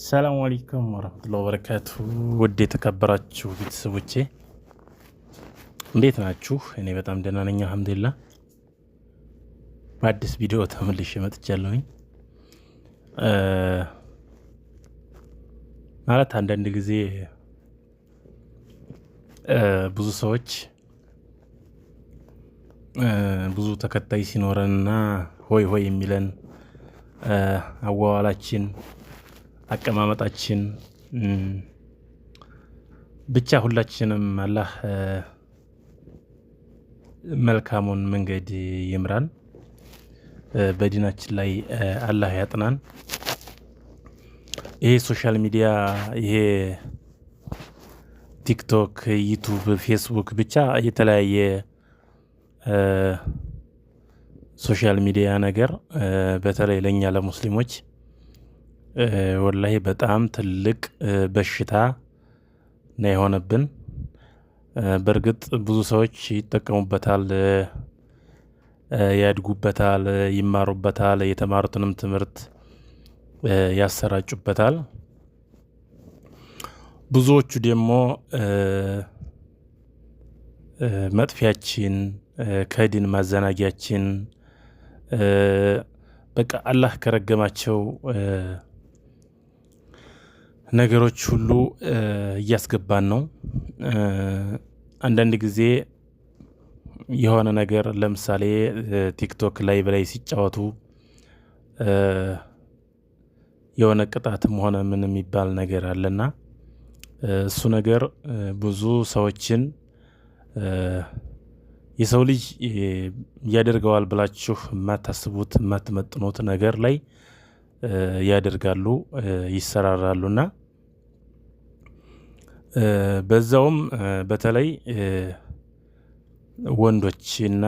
ሰላም አለይኩም ወረህመቱላሂ ወበረካቱ። ውድ የተከበራችሁ ቤተሰቦቼ እንዴት ናችሁ? እኔ በጣም ደህና ነኝ አልሐምዱሊላህ። በአዲስ ቪዲዮ ተመልሼ መጥቻለሁኝ። ማለት አንዳንድ ጊዜ ብዙ ሰዎች ብዙ ተከታይ ሲኖረንና ሆይ ሆይ የሚለን አዋዋላችን አቀማመጣችን ብቻ ሁላችንም አላህ መልካሙን መንገድ ይምራን፣ በዲናችን ላይ አላህ ያጥናን። ይሄ ሶሻል ሚዲያ ይሄ ቲክቶክ፣ ዩቱብ፣ ፌስቡክ ብቻ የተለያየ ሶሻል ሚዲያ ነገር በተለይ ለእኛ ለሙስሊሞች ወላሂ በጣም ትልቅ በሽታ ነው የሆነብን። በእርግጥ ብዙ ሰዎች ይጠቀሙበታል፣ ያድጉበታል፣ ይማሩበታል፣ የተማሩትንም ትምህርት ያሰራጩበታል። ብዙዎቹ ደግሞ መጥፊያችን፣ ከዲን ማዘናጊያችን በቃ አላህ ከረገማቸው ነገሮች ሁሉ እያስገባን ነው። አንዳንድ ጊዜ የሆነ ነገር ለምሳሌ ቲክቶክ ላይ በላይ ሲጫወቱ የሆነ ቅጣትም ሆነ ምን የሚባል ነገር አለና እሱ ነገር ብዙ ሰዎችን የሰው ልጅ ያደርገዋል ብላችሁ የማታስቡት የማትመጥኑት ነገር ላይ ያደርጋሉ፣ ይሰራራሉና በዛውም በተለይ ወንዶች እና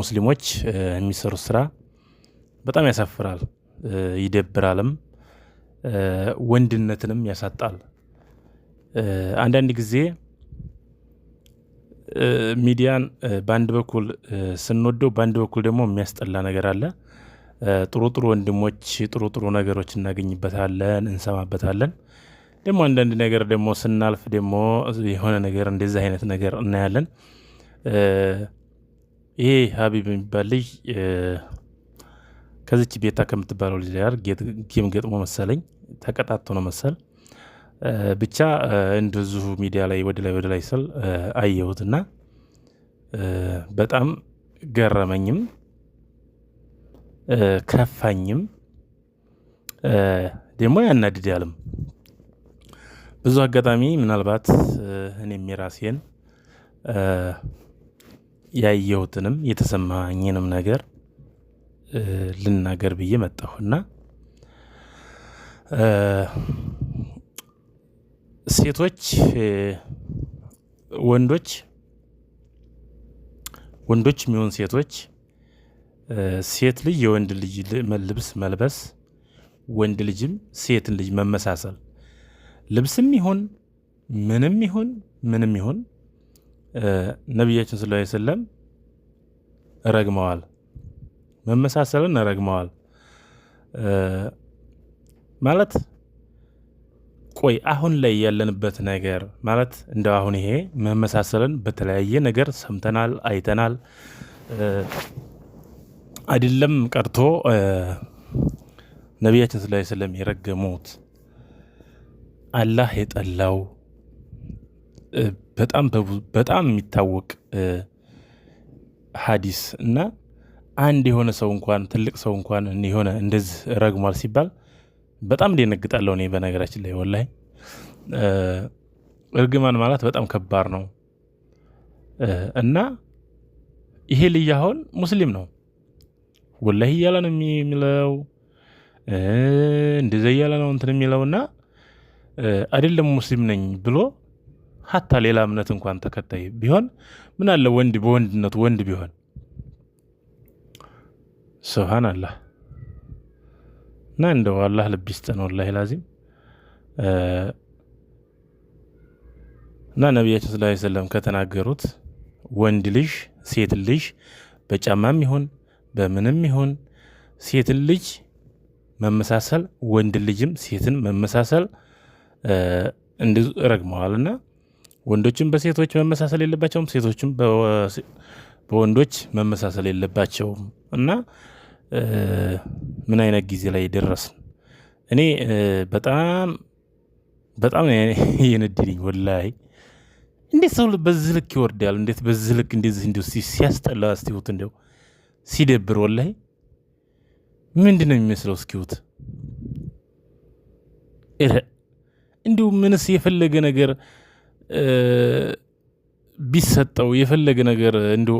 ሙስሊሞች የሚሰሩት ስራ በጣም ያሳፍራል፣ ይደብራልም፣ ወንድነትንም ያሳጣል። አንዳንድ ጊዜ ሚዲያን በአንድ በኩል ስንወደው፣ በአንድ በኩል ደግሞ የሚያስጠላ ነገር አለ። ጥሩ ጥሩ ወንድሞች፣ ጥሩ ጥሩ ነገሮች እናገኝበታለን፣ እንሰማበታለን። ደግሞ አንዳንድ ነገር ደግሞ ስናልፍ ደግሞ የሆነ ነገር እንደዚህ አይነት ነገር እናያለን። ይሄ ሀቢብ የሚባል ልጅ ከዚች ቤታ ከምትባለው ልጅ ጋር ጌም ገጥሞ መሰለኝ ተቀጣቶ ነው መሰል ብቻ እንደዚሁ ሚዲያ ላይ ወደ ላይ ወደ ላይ ስል እና በጣም ገረመኝም ከፋኝም ደግሞ ያናድድ ያልም ብዙ አጋጣሚ ምናልባት እኔም የራሴን ያየሁትንም የተሰማኝንም ነገር ልናገር ብዬ መጣሁና ሴቶች ወንዶች ወንዶች የሚሆን ሴቶች ሴት ልጅ የወንድ ልጅ ልብስ መልበስ፣ ወንድ ልጅም ሴትን ልጅ መመሳሰል ልብስም ይሁን ምንም ይሁን ምንም ይሁን ነቢያችን ስለ ሰለም ረግመዋል። መመሳሰልን ረግመዋል ማለት ቆይ አሁን ላይ ያለንበት ነገር ማለት እንደው አሁን ይሄ መመሳሰልን በተለያየ ነገር ሰምተናል፣ አይተናል። አይደለም ቀርቶ ነቢያችን ስለ ሰለም የረገሙት አላህ የጠላው በጣም በጣም የሚታወቅ ሀዲስ እና አንድ የሆነ ሰው እንኳን ትልቅ ሰው እንኳን የሆነ እንደዚህ ረግሟል ሲባል በጣም ደነግጣለሁ እኔ በነገራችን ላይ ወላሂ እርግማን ማለት በጣም ከባድ ነው እና ይሄ ልጅ አሁን ሙስሊም ነው ወላሂ እያለ ነው የሚለው እንደዚያ እያለ ነው እንትን የሚለው እና አይደለም ሙስሊም ነኝ ብሎ ሀታ ሌላ እምነት እንኳን ተከታይ ቢሆን ምን አለ ወንድ በወንድነቱ ወንድ ቢሆን ስብሃን አላህ እና እንደው አላህ ልብ ይስጠን ወላሂ ላዚም እና ነቢያችን ስላ ሰለም ከተናገሩት ወንድ ልጅ ሴት ልጅ በጫማም ይሁን በምንም ይሁን ሴትን ልጅ መመሳሰል ወንድ ልጅም ሴትን መመሳሰል ረግመዋል እና ወንዶችም በሴቶች መመሳሰል የለባቸውም፣ ሴቶችም በወንዶች መመሳሰል የለባቸውም እና ምን አይነት ጊዜ ላይ ደረስን? እኔ በጣም በጣም የነደደኝ እንዴት ሰው በዚህ ልክ ይወርዳል? እንዴት በዚህ ልክ እንደዚህ እንዲ ሲያስጠላ እስቲሁት እንዲሁ ሲደብር ወላይ ምንድን ነው የሚመስለው? እስኪሁት እንዲሁ ምንስ የፈለገ ነገር ቢሰጠው የፈለገ ነገር እንዲሁ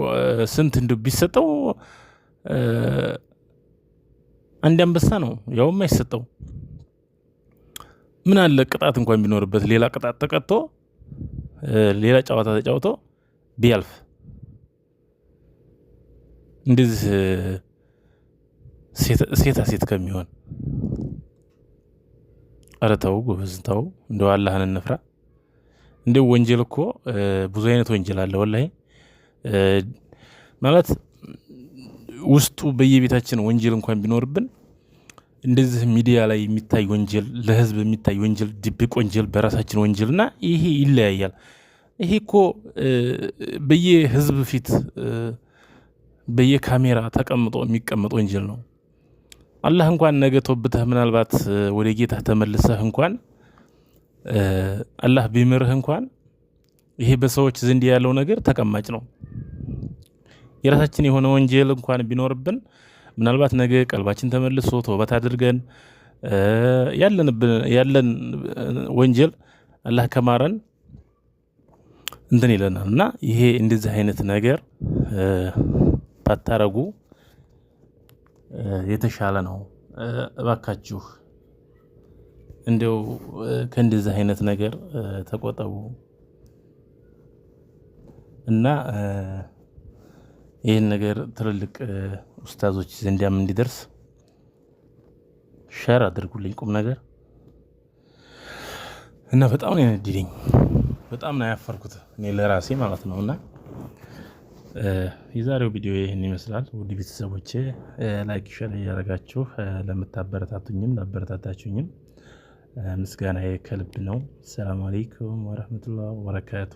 ስንት እንዲሁ ቢሰጠው አንድ አንበሳ ነው ያውም አይሰጠው። ምን አለ ቅጣት እንኳን ቢኖርበት ሌላ ቅጣት ተቀጥቶ ሌላ ጨዋታ ተጫውቶ ቢያልፍ እንደዚህ ሴታ ሴት ከሚሆን ኧረ ተው ጎበዝ ተው፣ እንደው አላህን እንፍራ። እንደው ወንጀል እኮ ብዙ አይነት ወንጀል አለ። ወላሂ ማለት ውስጡ በየቤታችን ወንጀል እንኳን ቢኖርብን እንደዚህ ሚዲያ ላይ የሚታይ ወንጀል፣ ለህዝብ የሚታይ ወንጀል፣ ድብቅ ወንጀል፣ በራሳችን ወንጀል እና ይሄ ይለያያል። ይሄ እኮ በየህዝብ ፊት በየካሜራ ተቀምጦ የሚቀመጥ ወንጀል ነው። አላህ እንኳን ነገ ቶብተህ ምናልባት ወደ ጌታህ ተመልሰህ እንኳን አላህ ቢምርህ እንኳን ይሄ በሰዎች ዘንድ ያለው ነገር ተቀማጭ ነው። የራሳችን የሆነ ወንጀል እንኳን ቢኖርብን ምናልባት ነገ ቀልባችን ተመልሶ ተውበት አድርገን ያለን ወንጀል አላህ ከማረን እንትን ይለናል እና ይሄ እንደዚህ አይነት ነገር ባታረጉ የተሻለ ነው። እባካችሁ እንደው ከእንደዚህ አይነት ነገር ተቆጠቡ እና ይህን ነገር ትልልቅ ኡስታዞች ዘንዳም እንዲደርስ ሸር አድርጉልኝ። ቁም ነገር እና በጣም ነው ያነደደኝ፣ በጣም ነው ያፈርኩት እኔ ለራሴ ማለት ነው እና የዛሬው ቪዲዮ ይህን ይመስላል። ውድ ቤተሰቦቼ ላይክ፣ ሸር እያደረጋችሁ ለምታበረታቱኝም ላበረታታችሁኝም ምስጋና ከልብ ነው። ሰላም አሌይኩም ወረህመቱላህ ወበረካቱ።